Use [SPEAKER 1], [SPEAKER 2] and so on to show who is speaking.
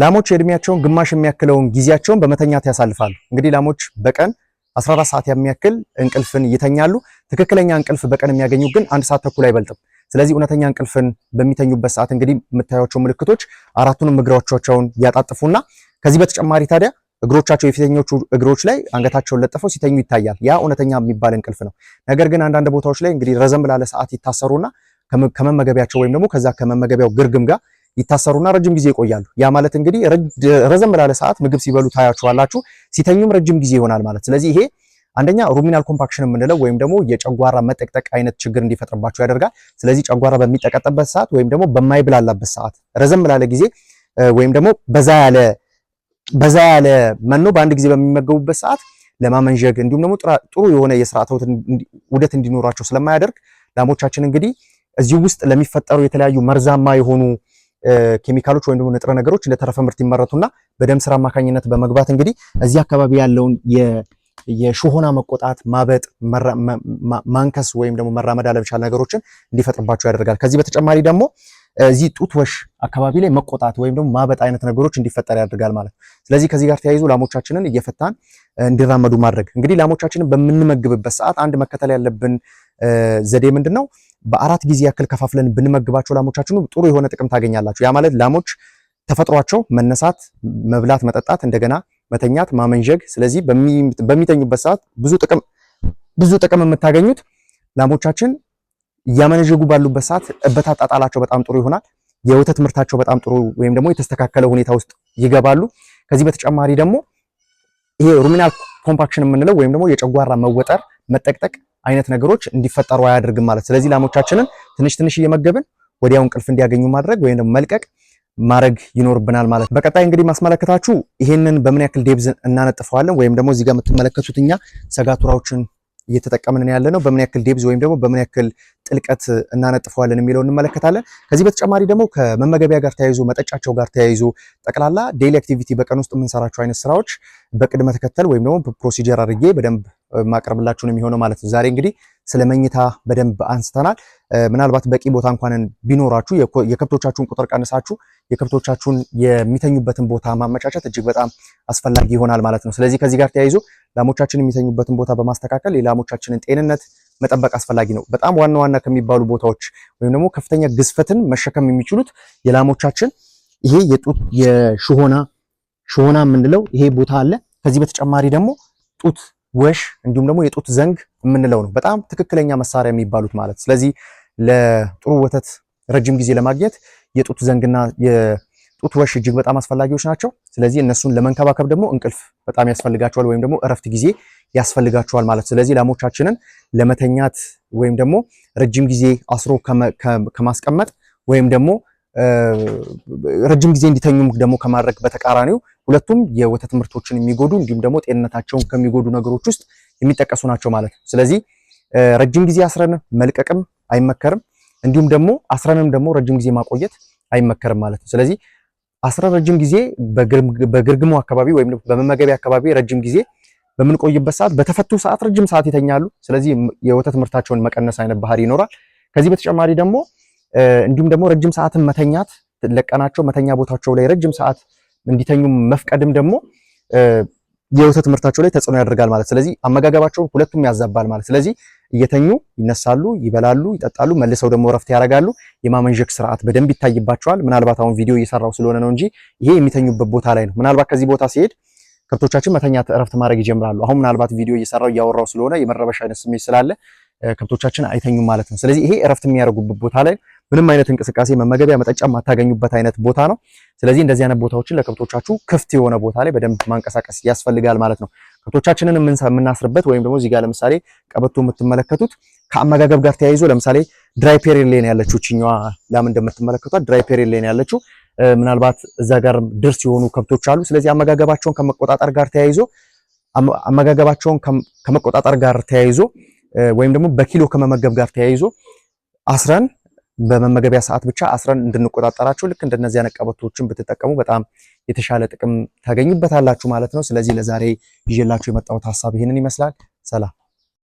[SPEAKER 1] ላሞች የእድሜያቸውን ግማሽ የሚያክለውን ጊዜያቸውን በመተኛት ያሳልፋሉ። እንግዲህ ላሞች በቀን 14 ሰዓት የሚያክል እንቅልፍን ይተኛሉ። ትክክለኛ እንቅልፍ በቀን የሚያገኙ ግን አንድ ሰዓት ተኩል አይበልጥም። ስለዚህ እውነተኛ እንቅልፍን በሚተኙበት ሰዓት እንግዲህ የምታዩቸው ምልክቶች አራቱንም እግሮቻቸውን ያጣጥፉና ከዚህ በተጨማሪ ታዲያ እግሮቻቸው የፊተኞቹ እግሮች ላይ አንገታቸውን ለጥፈው ሲተኙ ይታያል። ያ እውነተኛ የሚባል እንቅልፍ ነው። ነገር ግን አንዳንድ ቦታዎች ላይ እንግዲህ ረዘም ላለ ሰዓት ይታሰሩና ከመመገቢያቸው ወይም ደግሞ ከዛ ከመመገቢያው ግርግም ጋር ይታሰሩና ረጅም ጊዜ ይቆያሉ። ያ ማለት እንግዲህ ረዘም ላለ ሰዓት ምግብ ሲበሉ ታያችኋላችሁ፣ ሲተኙም ረጅም ጊዜ ይሆናል ማለት። ስለዚህ ይሄ አንደኛ ሩሚናል ኮምፓክሽን የምንለው ወይም ደግሞ የጨጓራ መጠቅጠቅ አይነት ችግር እንዲፈጥርባቸው ያደርጋል። ስለዚህ ጨጓራ በሚጠቀጠበት ሰዓት ወይም ደግሞ በማይብላላበት ሰዓት ረዘም ላለ ጊዜ ወይም ደግሞ በዛ ያለ በዛ ያለ መኖ በአንድ ጊዜ በሚመገቡበት ሰዓት ለማመንዠግ እንዲሁም ደግሞ ጥሩ የሆነ የስርዓተ ውደት እንዲኖራቸው ስለማያደርግ ላሞቻችን እንግዲህ እዚህ ውስጥ ለሚፈጠሩ የተለያዩ መርዛማ የሆኑ ኬሚካሎች ወይም ደግሞ ንጥረ ነገሮች እንደ ተረፈ ምርት ይመረቱና በደም ስራ አማካኝነት በመግባት እንግዲህ እዚህ አካባቢ ያለውን የሽሆና መቆጣት፣ ማበጥ፣ ማንከስ ወይም ደግሞ መራመድ አለመቻል ነገሮችን እንዲፈጥርባቸው ያደርጋል። ከዚህ በተጨማሪ ደግሞ እዚህ ጡት ወሽ አካባቢ ላይ መቆጣት ወይም ደግሞ ማበጥ አይነት ነገሮች እንዲፈጠር ያደርጋል ማለት ነው። ስለዚህ ከዚህ ጋር ተያይዞ ላሞቻችንን እየፈታን እንዲራመዱ ማድረግ እንግዲህ ላሞቻችንን በምንመግብበት ሰዓት አንድ መከተል ያለብን ዘዴ ምንድን ነው? በአራት ጊዜ ያክል ከፋፍለን ብንመግባቸው ላሞቻችን ጥሩ የሆነ ጥቅም ታገኛላችሁ። ያ ማለት ላሞች ተፈጥሯቸው መነሳት፣ መብላት፣ መጠጣት፣ እንደገና መተኛት፣ ማመንዠግ። ስለዚህ በሚተኙበት ሰዓት ብዙ ጥቅም ብዙ ጥቅም የምታገኙት ላሞቻችን እያመነዠጉ ባሉበት ሰዓት እበት አጣጣላቸው በጣም ጥሩ ይሆናል። የወተት ምርታቸው በጣም ጥሩ ወይም ደግሞ የተስተካከለ ሁኔታ ውስጥ ይገባሉ። ከዚህ በተጨማሪ ደግሞ ይሄ ሩሚናል ኮምፓክሽን የምንለው ወይም ደግሞ የጨጓራ መወጠር መጠቅጠቅ አይነት ነገሮች እንዲፈጠሩ አያደርግም ማለት። ስለዚህ ላሞቻችንን ትንሽ ትንሽ እየመገብን ወዲያው እንቅልፍ እንዲያገኙ ማድረግ ወይም ደግሞ መልቀቅ ማድረግ ይኖርብናል ማለት ነው። በቀጣይ እንግዲህ ማስመለከታችሁ ይሄንን በምን ያክል ዴብዝ እናነጥፈዋለን ወይም ደግሞ እዚህ ጋር የምትመለከቱት እኛ ሰጋቱራዎችን እየተጠቀምን ያለ ነው። በምን ያክል ዴብዝ ወይም ደግሞ በምን ያክል ጥልቀት እናነጥፈዋለን የሚለው እንመለከታለን። ከዚህ በተጨማሪ ደግሞ ከመመገቢያ ጋር ተያይዞ መጠጫቸው ጋር ተያይዞ ጠቅላላ ዴይሊ አክቲቪቲ በቀን ውስጥ የምንሰራቸው አይነት ስራዎች በቅድመ ተከተል ወይም ደግሞ ፕሮሲጀር አድርጌ በደንብ ማቅረብላችሁ ነው የሚሆነው ማለት ነው። ዛሬ እንግዲህ ስለ መኝታ በደንብ አንስተናል። ምናልባት በቂ ቦታ እንኳን ቢኖራችሁ የከብቶቻችሁን ቁጥር ቀንሳችሁ የከብቶቻችሁን የሚተኙበትን ቦታ ማመቻቸት እጅግ በጣም አስፈላጊ ይሆናል ማለት ነው። ስለዚህ ከዚህ ጋር ተያይዞ ላሞቻችን የሚተኙበትን ቦታ በማስተካከል የላሞቻችንን ጤንነት መጠበቅ አስፈላጊ ነው። በጣም ዋና ዋና ከሚባሉ ቦታዎች ወይም ደግሞ ከፍተኛ ግዝፈትን መሸከም የሚችሉት የላሞቻችን ይሄ የጡት የሽሆና ሽሆና የምንለው ይሄ ቦታ አለ። ከዚህ በተጨማሪ ደግሞ ጡት ወሽ እንዲሁም ደግሞ የጡት ዘንግ የምንለው ነው። በጣም ትክክለኛ መሳሪያ የሚባሉት ማለት ስለዚህ ለጥሩ ወተት ረጅም ጊዜ ለማግኘት የጡት ዘንግና የጡት ወሽ እጅግ በጣም አስፈላጊዎች ናቸው። ስለዚህ እነሱን ለመንከባከብ ደግሞ እንቅልፍ በጣም ያስፈልጋቸዋል፣ ወይም ደግሞ እረፍት ጊዜ ያስፈልጋቸዋል ማለት ስለዚህ ላሞቻችንን ለመተኛት ወይም ደግሞ ረጅም ጊዜ አስሮ ከማስቀመጥ ወይም ደግሞ ረጅም ጊዜ እንዲተኙ ደግሞ ከማድረግ በተቃራኒው ሁለቱም የወተት ምርቶችን የሚጎዱ እንዲሁም ደግሞ ጤንነታቸውን ከሚጎዱ ነገሮች ውስጥ የሚጠቀሱ ናቸው ማለት ነው። ስለዚህ ረጅም ጊዜ አስረን መልቀቅም አይመከርም፣ እንዲሁም ደግሞ አስረንም ደግሞ ረጅም ጊዜ ማቆየት አይመከርም ማለት ነው። ስለዚህ አስረን ረጅም ጊዜ በግርግሙ አካባቢ ወይም በመመገቢያ አካባቢ ረጅም ጊዜ በምንቆይበት ሰዓት በተፈቱ ሰዓት ረጅም ሰዓት ይተኛሉ። ስለዚህ የወተት ምርታቸውን መቀነስ አይነት ባህሪ ይኖራል። ከዚህ በተጨማሪ ደግሞ እንዲሁም ደግሞ ረጅም ሰዓትን መተኛት ለቀናቸው መተኛ ቦታቸው ላይ ረጅም ሰዓት እንዲተኙ መፍቀድም ደግሞ የወተት ምርታቸው ላይ ተጽዕኖ ያደርጋል ማለት ስለዚህ አመጋገባቸውን ሁለቱም ያዛባል ማለት ስለዚህ እየተኙ ይነሳሉ፣ ይበላሉ፣ ይጠጣሉ፣ መልሰው ደግሞ እረፍት ያደርጋሉ። የማመንዠክ ስርዓት በደንብ ይታይባቸዋል። ምናልባት አሁን ቪዲዮ እየሰራው ስለሆነ ነው እንጂ ይሄ የሚተኙበት ቦታ ላይ ነው። ምናልባት ከዚህ ቦታ ሲሄድ ከብቶቻችን መተኛት እረፍት ማድረግ ይጀምራሉ። አሁን ምናልባት ቪዲዮ እየሰራው እያወራው ስለሆነ የመረበሻ አይነት ስሜት ስላለ ከብቶቻችን አይተኙም ማለት ነው። ስለዚህ ይሄ እረፍት የሚያደርጉበት ቦታ ላይ ምንም አይነት እንቅስቃሴ መመገቢያ፣ መጠጫ የማታገኙበት አይነት ቦታ ነው። ስለዚህ እንደዚህ አይነት ቦታዎችን ለከብቶቻችሁ ክፍት የሆነ ቦታ ላይ በደንብ ማንቀሳቀስ ያስፈልጋል ማለት ነው። ከብቶቻችንን የምናስርበት ወይም ደግሞ እዚህ ጋር ለምሳሌ ቀበቶ የምትመለከቱት ከአመጋገብ ጋር ተያይዞ ለምሳሌ ድራይ ፔሪን ሌን ያለችው ችኛዋ ላም እንደምትመለከቷት ድራይ ፔሪን ሌን ያለችው ምናልባት እዛ ጋር ድርስ የሆኑ ከብቶች አሉ። ስለዚህ አመጋገባቸውን ከመቆጣጠር ጋር ተያይዞ አመጋገባቸውን ከመቆጣጠር ጋር ተያይዞ ወይም ደግሞ በኪሎ ከመመገብ ጋር ተያይዞ አስረን በመመገቢያ ሰዓት ብቻ አስረን እንድንቆጣጠራቸው ልክ እንደነዚህ አይነት ቀበቶዎችን ብትጠቀሙ በጣም የተሻለ ጥቅም ታገኙበታላችሁ ማለት ነው። ስለዚህ ለዛሬ ይዤላችሁ የመጣሁት ሀሳብ ይህንን ይመስላል። ሰላም